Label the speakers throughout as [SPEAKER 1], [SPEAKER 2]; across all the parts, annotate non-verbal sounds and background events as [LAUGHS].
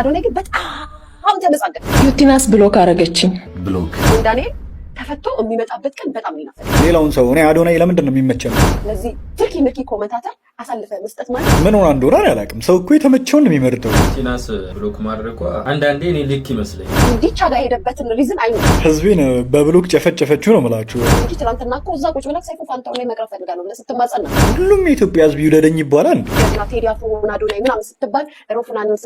[SPEAKER 1] አዶናይ ግን በጣም ተመጻደቅ
[SPEAKER 2] ዩቲናስ ብሎክ አረገችኝ።
[SPEAKER 3] ብሎክ
[SPEAKER 1] እንዳኔ ተፈቶ የሚመጣበት ቀን በጣም ይናፈል።
[SPEAKER 4] ሌላውን ሰው እኔ አዶናይ ለምንድን ነው የሚመቸው?
[SPEAKER 1] ስለዚህ ትርኪ ምርኪ ኮመንታተር አሳልፈ መስጠት ማለት
[SPEAKER 4] ምን ሆና እንደሆነ አላውቅም። ሰው እኮ የተመቸውን የሚመርጠው።
[SPEAKER 5] ቲናስ ብሎክ ማድረጓ አንዳንዴ እኔ ልክ ይመስለኝ።
[SPEAKER 1] እንዲቻ ጋር የሄደበትን ሪዝን አይ
[SPEAKER 4] ህዝብን በብሎክ ጨፈጨፈችው ነው ምላችሁ
[SPEAKER 1] እንጂ ትናንትና እኮ እዛ ቁጭ ብላ ሳይኮ ፋንታው ላይ መቅረብ ፈልጋለሁ ብለህ ነው።
[SPEAKER 4] ሁሉም የኢትዮጵያ ህዝብ ይውደደኝ ይባላል።
[SPEAKER 1] ቴዲ አፍሮ አዶናይ ምናምን ስትባል ሮፍናንን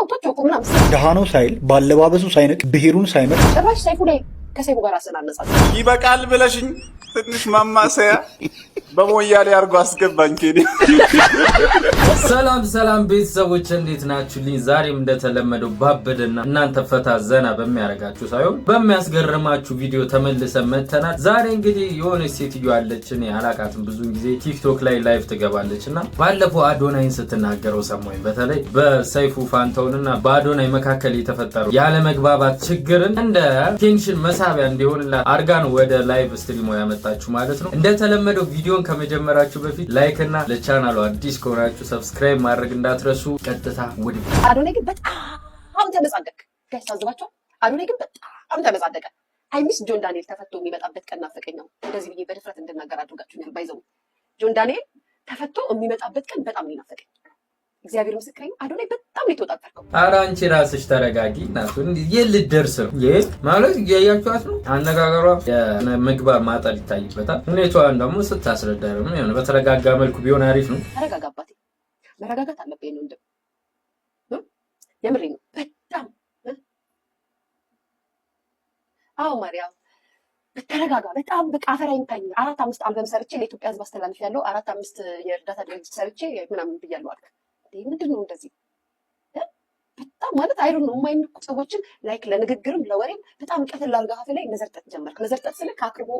[SPEAKER 1] አውቶች ቁ ምናምን
[SPEAKER 4] ድሃ ነው ሳይል ባለባበሱ ሳይነቅ ብሄሩን ሳይመር
[SPEAKER 1] ጭራሽ ሳይፉ ላይ ከሴቡ ጋር አሰናነጻል።
[SPEAKER 5] ይበቃል ብለሽኝ ትንሽ ማማሰያ በሞያሌ አድርጎ አስገባኝ።
[SPEAKER 6] ሰላም ሰላም ቤተሰቦች እንዴት ናችሁልኝ? ዛሬም እንደተለመደው ባበደና እናንተ ፈታ ዘና በሚያደርጋችሁ ሳይሆን በሚያስገርማችሁ ቪዲዮ ተመልሰን መተናል። ዛሬ እንግዲህ የሆነች ሴትዮ አለች፣ እኔ አላቃትም። ብዙን ጊዜ ቲክቶክ ላይ ላይቭ ትገባለች እና ባለፈው አዶናይን ስትናገረው ሰማኝ። በተለይ በሰይፉ ፋንታውን በአዶናይ መካከል የተፈጠረው ያለመግባባት ችግርን እንደ ቴንሽን መሳ መሳቢያ እንዲሆንላት አድርጋ ነው ወደ ላይቭ ስትሪሙ ያመጣችሁ ማለት ነው። እንደተለመደው ቪዲዮን ከመጀመራችሁ በፊት ላይክ እና ለቻናሉ አዲስ ከሆናችሁ ሰብስክራይብ ማድረግ እንዳትረሱ። ቀጥታ ወደ
[SPEAKER 1] አዶናይ ግን በጣም ተመጻደቅ ያሳዝባቸዋል። አዶናይ ግን በጣም ተመጻደቀ። አይሚስ ጆን ዳንኤል ተፈቶ የሚመጣበት ቀን ናፈቀኛው። እንደዚህ ብዬ በድፍረት እንድናገር አድርጋችሁኛል። ባይዘው ጆን ዳንኤል ተፈቶ የሚመጣበት ቀን በጣም ነው ናፈቀኝ። እግዚአብሔር ምስክሬ አዶናይ በጣም የተወጣጠርከው።
[SPEAKER 6] ኧረ አንቺ ራስሽ ተረጋጊ። እናቱ ይህ ልደርስ ነው ይህ ማለት እያያችኋት ነው። አነጋገሯ የምግባር ማጠር ይታይበታል። ሁኔታዋን ደግሞ ስታስረዳ ደግሞ የሆነ በተረጋጋ መልኩ ቢሆን አሪፍ ነው።
[SPEAKER 1] ተረጋጋባት። መረጋጋት አለብኝ ነው እንደው የምሬ ነው። በጣም አዎ ማርያም ተረጋጋ። በጣም በቃ አፈር አይምታኝ። አራት አምስት አልበም ሰርቼ ለኢትዮጵያ ሕዝብ አስተላልፍ ያለው አራት አምስት የእርዳታ ድርጅት ሰርቼ ምናምን ብያለሁ አልክ። ምንድን ነው እንደዚህ በጣም ማለት አይሮ ነው የማይንቁ ሰዎችን ላይክ ለንግግርም ለወሬም በጣም ላይ መዘርጠት ጀመርክ። መዘርጠት ስለ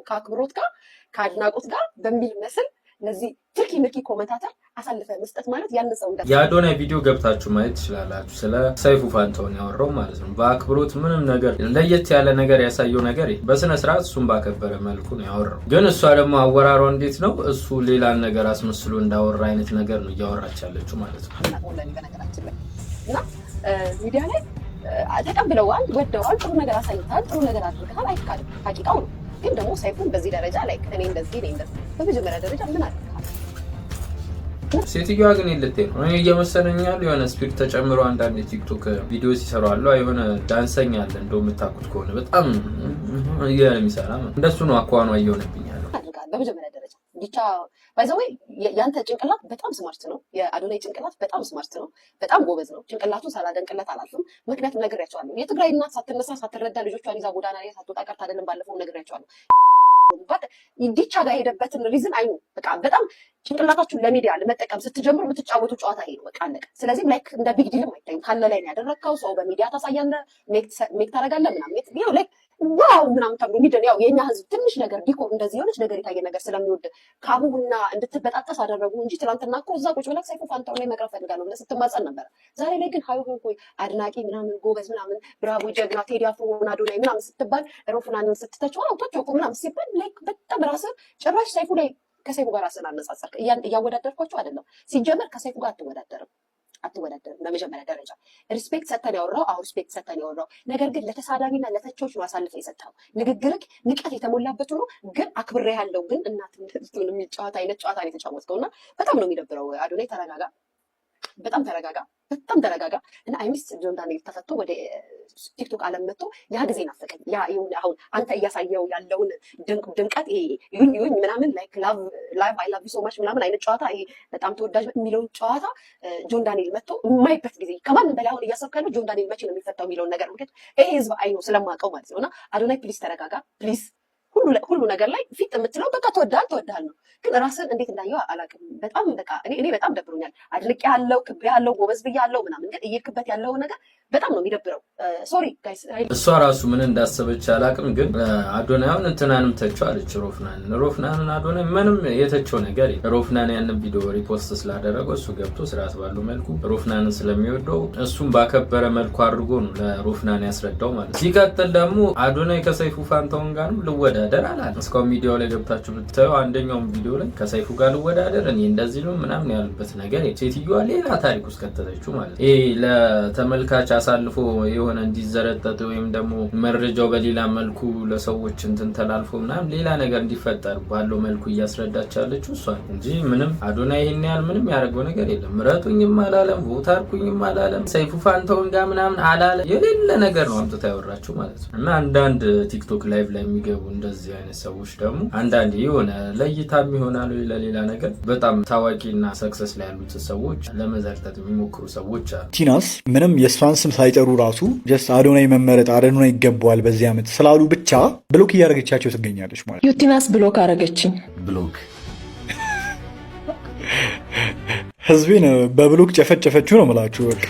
[SPEAKER 1] ከአክብሮት ጋር ከአድናቆት ጋር በሚል መስል እነዚህ ትርኪ ምርኪ ኮመንታተር አሳልፈ መስጠት ማለት ያን ሰው እንደ
[SPEAKER 6] የአዶናይ ቪዲዮ ገብታችሁ ማየት ትችላላችሁ። ስለ ሰይፉ ፋንታሁን ያወራው ማለት ነው። በአክብሮት ምንም ነገር ለየት ያለ ነገር ያሳየው ነገር በስነ ስርዓት እሱን ባከበረ መልኩ ነው ያወራው። ግን እሷ ደግሞ አወራሯ እንዴት ነው? እሱ ሌላን ነገር አስመስሎ እንዳወራ አይነት ነገር ነው እያወራች ያለችው ማለት ነው።
[SPEAKER 1] ሚዲያ ላይ ተቀብለዋል፣ ወደዋል፣ ጥሩ ነገር አሳይታል፣ ጥሩ ነገር አድርገሃል፣ አይካልም። ሀቂቃው ነው ግን ደግሞ ሳይፎን በዚህ ደረጃ ላይ እኔ እንደዚህ እኔ እንደዚህ በመጀመሪያ ደረጃ ምን አለ
[SPEAKER 6] ሴትዮዋ ግን የለት ነው። እኔ እየመሰለኝ ያለው የሆነ ስፒድ ተጨምሮ አንዳንድ የቲክቶክ ቪዲዮ ሲሰሩ አለ የሆነ ዳንሰኛ አለ እንደው የምታውቁት ከሆነ በጣም የሚሰራ እንደሱ ነው። አኳኗ እየሆነብኝ
[SPEAKER 1] ያለው ብቻ ባይዘወ የአንተ ጭንቅላት በጣም ስማርት ነው። የአዶናይ ጭንቅላት በጣም ስማርት ነው። በጣም ጎበዝ ነው። ጭንቅላቱን ሳላደንቅለት አላልፍም። ምክንያቱም ነግሬያቸዋለሁ። የትግራይ እናት ሳትነሳ ሳትረዳ ልጆቿን ይዛ ጎዳና ላይ ሳትወጣ ቀርት አይደለም። ባለፈው ነግሬያቸዋለሁ። ዲቻ ጋር የሄደበትን ሪዝን አይ በቃ በጣም ጭንቅላታችሁን ለሚዲያ ለመጠቀም ስትጀምሩ የምትጫወቱ ጨዋታ ይሄ ነው። በቃ አለቀ። ስለዚህም ላይክ እንደ ቢግ ዲልም አይታይም። ካለ ላይ ያደረግከው። ሰው በሚዲያ ታሳያለ፣ ሜክ ታደርጋለህ ምናምን ላይክ ዋው ምናምን ተብሎ ግን ያው የእኛ ህዝብ ትንሽ ነገር ዲኮር እንደዚህ የሆነች ነገር የታየ ነገር ስለሚወድ ከአቡቡና እንድትበጣጠስ አደረጉ እንጂ ትላንትና እኮ እዛ ቁጭ ብላ ሰይፉ ፋንታው ላይ መቅረብ ፈልጋለሁ ብለህ ስትማጸን ነበረ። ዛሬ ላይ ግን ሀይ ሆይ አድናቂ ምናምን ጎበዝ ምናምን ብራቮ ጀግና ቴዲ አፍሮ አዶናይ ምናምን ስትባል ሮፍናንን ስትተች ዋውቶች እኮ ምናምን ሲባል በጣም ራስ ጭራሽ ሰይፉ ላይ ከሰይፉ ጋር ስላነጻጸርክ እያወዳደርኳቸው አይደለም። ሲጀመር ከሰይፉ ጋር አትወዳደርም። አትወዳደርም። በመጀመሪያ ደረጃ ሪስፔክት ሰተን ያወራው አሁ ሪስፔክት ሰተን ያወራው ነገር ግን ለተሳዳቢና ለተቾች ነው አሳልፈ የሰጠው ንግግርክ ንቀት የተሞላበት ሆኖ ግን አክብሬ ያለው ግን እናት የሚጫወት አይነት ጨዋታ ነው የተጫወትከው እና በጣም ነው የሚደብረው። አዶናይ ተረጋጋ። በጣም ተረጋጋ፣ በጣም ተረጋጋ እና አይሚስ ጆን ዳንኤል ተፈቶ ወደ ቲክቶክ አለም መጥቶ ያ ጊዜ ናፈቀኝ። ያ ይሁን አሁን አንተ እያሳየው ያለውን ድምቀት ይሁን ይሁን ምናምን ላይክ ላቭ ላቭ አይ ላቭ ዩ ሶ ማች ምናምን አይነት ጨዋታ ይሄ በጣም ተወዳጅ የሚለውን ጨዋታ ጆን ዳንኤል መጥቶ የማይበት ጊዜ ከማንም በላይ አሁን እያሰብከ ነው። ጆን ዳንኤል መቼ ነው የሚፈታው የሚለውን ነገር ምክንያት ይሄ ህዝብ አይኖ ስለማውቀው ማለት ነው እና አዶናይ ፕሊስ ተረጋጋ ፕሊስ ሁሉ ነገር ላይ ፊት የምትለው በቃ ትወዳል ትወዳል ነው። ግን ራስን እንዴት እንዳየው አላውቅም። በጣም በቃ እኔ በጣም ደብሮኛል። አድልቅ ያለው ክብ ያለው ጎበዝ ብያለው ። ያለው ምናምን፣ ግን እየክበት ያለው ነገር በጣም ነው የሚደብረው። ሶሪ ጋይስ።
[SPEAKER 6] እሷ ራሱ ምን እንዳሰበች አላቅም፣ ግን አዶናይን እንትናንም ተቸው አለች። ሮፍናንን ሮፍናንን አዶናይ ምንም የተቸው ነገር ሮፍናን ያን ቪዲዮ ሪፖስት ስላደረገው እሱ ገብቶ ስርዓት ባለው መልኩ ሮፍናንን ስለሚወደው እሱም ባከበረ መልኩ አድርጎ ነው ለሮፍናን ያስረዳው ማለት ነው። ሲቀጥል ደግሞ አዶናይ ከሰይፉ ፋንታውን ጋርም ልወዳደር አላለ። እስካሁን ሚዲያው ላይ ገብታችሁ ብታዩ አንደኛውም ቪዲዮ ላይ ከሰይፉ ጋር ልወዳደር እኔ እንደዚህ ነው ምናምን ያሉበት ነገር ሴትዮዋ ሌላ ታሪክ ውስጥ ከተተችው ማለት ይሄ ለተመልካች አሳልፎ የሆነ እንዲዘረጠጥ ወይም ደግሞ መረጃው በሌላ መልኩ ለሰዎች እንትን ተላልፎ ምናምን ሌላ ነገር እንዲፈጠር ባለው መልኩ እያስረዳች ያለችው እሷ እንጂ ምንም አዶና ይህን ያህል ምንም ያደረገው ነገር የለም። ምረጡኝም አላለም፣ ቮት አላለም፣ ሰይፉ ፋንታውን ጋር ምናምን አላለ። የሌለ ነገር ነው አምጥታ ያወራችው ማለት ነው። እና አንዳንድ ቲክቶክ ላይቭ ላይ የሚገቡ እንደዚህ አይነት ሰዎች ደግሞ አንዳንድ የሆነ ለእይታም ይሆናሉ ለሌላ ነገር በጣም ታዋቂና ሰክሰስ ላይ ያሉት ሰዎች ለመዘርጠት የሚሞክሩ ሰዎች አሉ።
[SPEAKER 4] ቲናስ ምንም የእሷን ስም ሳይጠሩ ራሱ ጀስት አዶናይ መመረጥ አዶናይ ይገባዋል በዚህ ዓመት ስላሉ ብቻ ብሎክ እያደረገቻቸው ትገኛለች ማለት
[SPEAKER 2] ዩቲናስ ብሎክ አረገችኝ።
[SPEAKER 3] ብሎክ
[SPEAKER 4] ህዝቤን በብሎክ ጨፈጨፈችው ነው ምላችሁ በቃ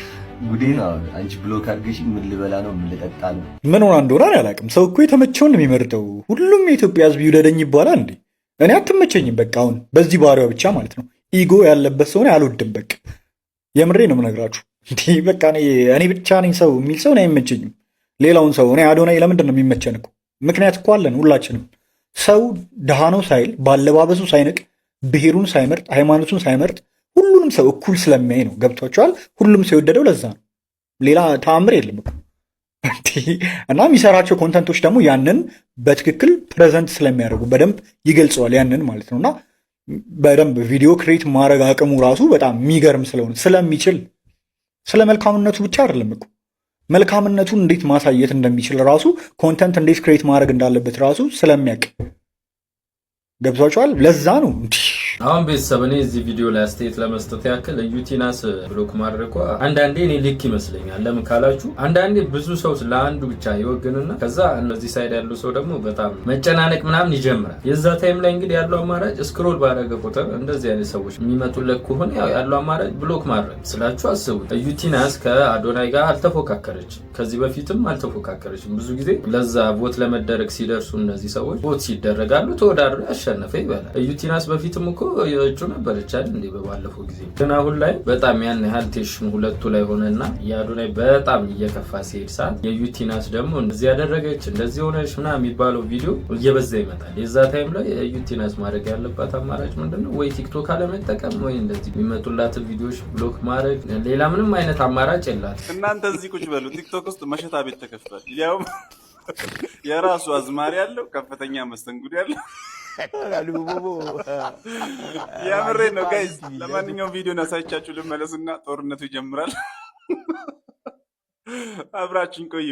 [SPEAKER 3] ጉዴ ነው። አንቺ ብሎክ አድርገሽ ምን ልበላ ነው ምን ልጠጣ ነው
[SPEAKER 4] ምን ሆና እንደሆነ አላውቅም። ሰው እኮ የተመቸውን ነው የሚመርጠው። ሁሉም የኢትዮጵያ ህዝብ ይውደደኝ ይባላል እንዴ? እኔ አትመቸኝም። በቃ አሁን በዚህ ባህሪዋ ብቻ ማለት ነው ኢጎ ያለበት ሰሆነ አልወድም። በቃ የምሬ ነው የምነግራችሁ። እንዲህ በቃ እኔ ብቻ ነኝ ሰው የሚል ሰው እኔ አይመቸኝም። ሌላውን ሰው እኔ አዶናይ ለምንድን ነው የሚመቸን? እኮ ምክንያት እኮ አለን ሁላችንም። ሰው ድሃ ነው ሳይል ባለባበሱ ሳይንቅ ብሔሩን ሳይመርጥ ሃይማኖቱን ሳይመርጥ ሁሉንም ሰው እኩል ስለሚያይ ነው። ገብቷቸዋል። ሁሉም ሰው የወደደው ለዛ ነው። ሌላ ተአምር የለም እኮ እና የሚሰራቸው ኮንተንቶች ደግሞ ያንን በትክክል ፕሬዘንት ስለሚያደርጉ በደንብ ይገልጸዋል። ያንን ማለት ነው እና በደንብ ቪዲዮ ክሬት ማድረግ አቅሙ ራሱ በጣም የሚገርም ስለሆነ ስለሚችል ስለ መልካምነቱ ብቻ አይደለም እኮ መልካምነቱን እንዴት ማሳየት እንደሚችል ራሱ ኮንተንት እንዴት ክሬት ማድረግ እንዳለበት ራሱ ስለሚያውቅ ገብቷቸዋል። ለዛ ነው እንዲህ
[SPEAKER 6] አሁን ቤተሰብ እኔ እዚህ ቪዲዮ ላይ አስተያየት ለመስጠት ያክል ዩቲናስ ብሎክ ማድረጓ አንዳንዴ እኔ ልክ ይመስለኛል። ለምን ካላችሁ አንዳንዴ ብዙ ሰው ለአንዱ ብቻ ይወግንና ከዛ እነዚህ ሳይድ ያለው ሰው ደግሞ በጣም መጨናነቅ ምናምን ይጀምራል። የዛ ታይም ላይ እንግዲህ ያለው አማራጭ ስክሮል ባደረገ ቁጥር እንደዚህ አይነት ሰዎች የሚመጡለት ከሆነ ያው ያለው አማራጭ ብሎክ ማድረግ ስላችሁ አስቡት። ዩቲናስ ከአዶናይ ጋር አልተፎካከረችም፣ ከዚህ በፊትም አልተፎካከረችም። ብዙ ጊዜ ለዛ ቦት ለመደረግ ሲደርሱ እነዚህ ሰዎች ቦት ሲደረጋሉ ተወዳሩ ያሸ አሸነፈ ይባላል። እዩቲናስ በፊትም እኮ የእጩ ነበረች አይደል እንዴ? በባለፈው ጊዜ ግን አሁን ላይ በጣም ያን ያህል ቴሽን ሁለቱ ላይ ሆነና የአዶናይ በጣም እየከፋ ሲሄድ ሰዓት የዩቲናስ ደግሞ እንደዚህ ያደረገች እንደዚህ ሆነች ምና የሚባለው ቪዲዮ እየበዛ ይመጣል። የዛ ታይም ላይ ዩቲናስ ማድረግ ያለባት አማራጭ ምንድነው? ወይ ቲክቶክ አለመጠቀም ወይ እንደዚህ የሚመጡላትን ቪዲዮዎች ብሎክ ማድረግ፣ ሌላ ምንም አይነት አማራጭ የላት።
[SPEAKER 5] እናንተ እዚህ ቁጭ በሉ። ቲክቶክ ውስጥ መሸታ ቤት ተከፍቷል። ያውም የራሱ አዝማሪ ያለው ከፍተኛ መስተንጉድ ያለው የምሬ ነው ጋይዝ። ለማንኛውም ቪዲዮን አሳይቻችሁ ልመለስና ጦርነቱ ይጀምራል። አብራችን ቆዩ።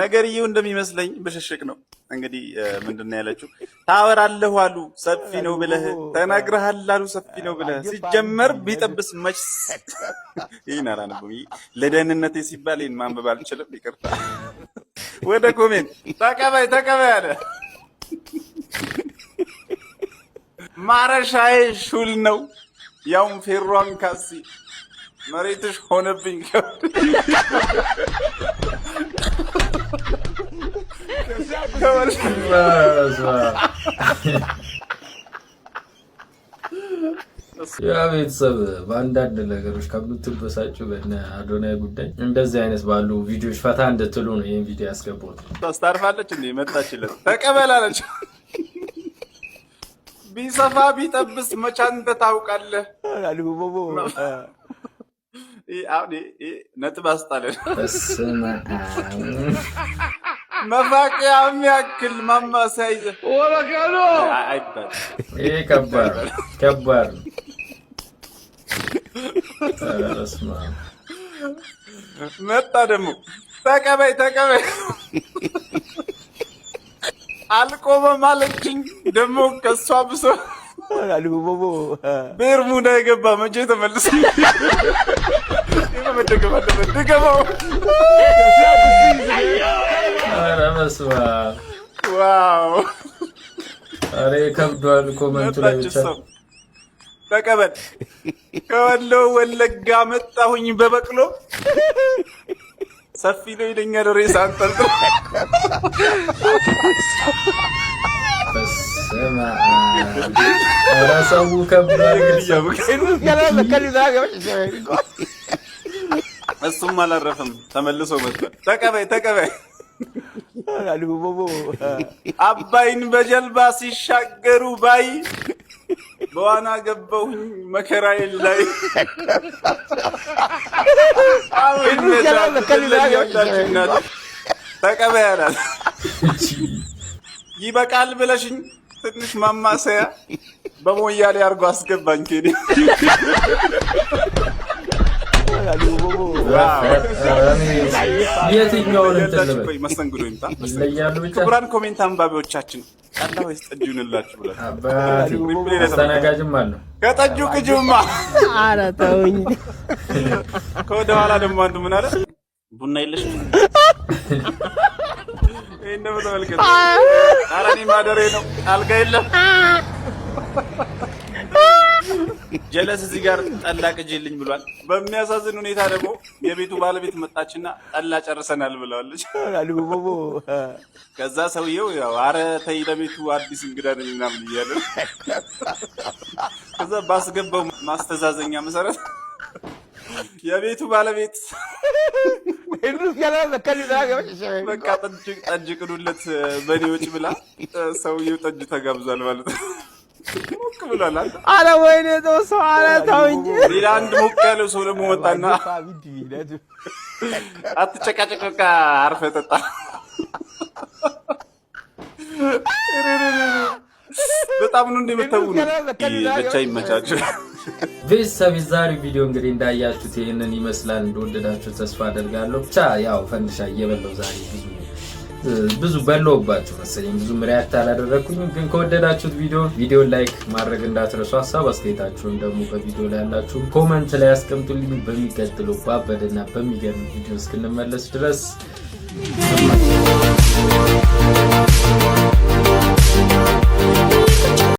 [SPEAKER 5] ነገርየው እንደሚመስለኝ ብሽሽቅ ነው። እንግዲህ ምንድን ያለችው ታወራለሁ አሉ ሰፊ ነው ብለህ ተናግረሃል አሉ ሰፊ ነው ብለህ ሲጀመር ቢጠብስ መች ይህን አላነብም። ለደህንነቴ ሲባል ይህን ማንበብ አልችልም፣ ይቅርታ። ወደ ኮሜንት ተቀበይ ተቀበይ አለ ማረሻዬ ሹል ነው፣ ያውም ፌሯን ካሲ መሬትሽ ሆነብኝ።
[SPEAKER 6] ያ ቤተሰብ በአንዳንድ ነገሮች ከምትበሳጩ በእነ አዶናይ ጉዳይ እንደዚህ አይነት ባሉ ቪዲዮዎች ፈታ እንድትሉ ነው ይህን ቪዲዮ ያስገባት።
[SPEAKER 5] ታስታርፋለች እንዴ መጣችለት ተቀበላለች። ቢሰፋ ቢጠብስ መቻንተ ታውቃለህ። ነጥብ አስጣለን። መፋቂያ የሚያክል ማማሰያ
[SPEAKER 6] ከባድ ከባድ
[SPEAKER 5] መጣ ደግሞ ተቀበይ ተቀበይ አልቆመም አለችኝ። ደግሞ ከእሷ ብሶ ቤርሙዳ የገባ መቼ ተመልሶ መደገም [LAUGHS] አለበት። ተቀበል። ከወሎ ወለጋ መጣሁኝ በበቅሎ ሰፊ ነው ይለኛል። ሬሳ አንጠልጥ ሰው እሱም አላረፍም። ተመልሶ ተቀበይ ተቀበይ። አባይን በጀልባ ሲሻገሩ ባይ በዋና ገባሁኝ መከራዬን ላይ ተቀበይ ይበቃል ብለሽኝ ትንሽ ማማሰያ በሞያሌ አድርጎ አስገባኝ ኬዲ ክቡራን ኮሜንት አንባቢዎቻችን ጠላ ወይስ ጠጅ ይሁንላችሁ ብላችሁ ከጠጁ ቅጅማ። ኧረ ተውኝ። ከወደ ኋላ ደግሞ አንዱ ምን አለ? ቡና የለሽ ይህን ነው ብለህ ኧረ እኔ ማደሬ ነው አልጋ የለም ጀለስ እዚህ ጋር ጠላ ቅጅልኝ ብሏል። በሚያሳዝን ሁኔታ ደግሞ የቤቱ ባለቤት መጣችና ጠላ ጨርሰናል ብለዋለች። ከዛ ሰውየው አረ ተይ ለቤቱ አዲስ እንግዳ ነኝ ምናምን እያለ ከዛ ባስገባው ማስተዛዘኛ መሰረት የቤቱ ባለቤት በቃ ጠጅ ቅዱለት በኔዎች ብላ ሰውየው ጠጅ ተጋብዟል ማለት ነው።
[SPEAKER 6] ሙቅ ብሏል። አረ ወይኔ ተው ሰው አረ
[SPEAKER 5] ተውኝ። ሌላ አንድ ሙቅ ያለው ሰው ደግሞ መጣና አትጨቃጨቅ፣ በቃ አርፈህ ጠጣ። በጣም ነው እንደምታው ነው። ብቻ ይመቻችሁ
[SPEAKER 6] ቤተሰብ። የዛሬው ቪዲዮ እንግዲህ እንዳያችሁት ይህንን ይመስላል። እንደወደዳችሁ ተስፋ አደርጋለሁ። ብቻ ያው ፈንድሻ እየበለው ዛሬ ብዙ ብዙ በለውባችሁ መሰለኝ። ብዙ ሪያክት አላደረግኩኝም፣ ግን ከወደዳችሁት ቪዲዮ ቪዲዮ ላይክ ማድረግ እንዳትረሱ። ሀሳብ አስተያየታችሁን ደግሞ በቪዲዮ ላይ ያላችሁ ኮመንት ላይ አስቀምጡልኝ። በሚቀጥለው ባበደና በሚገርም ቪዲዮ እስክንመለስ ድረስ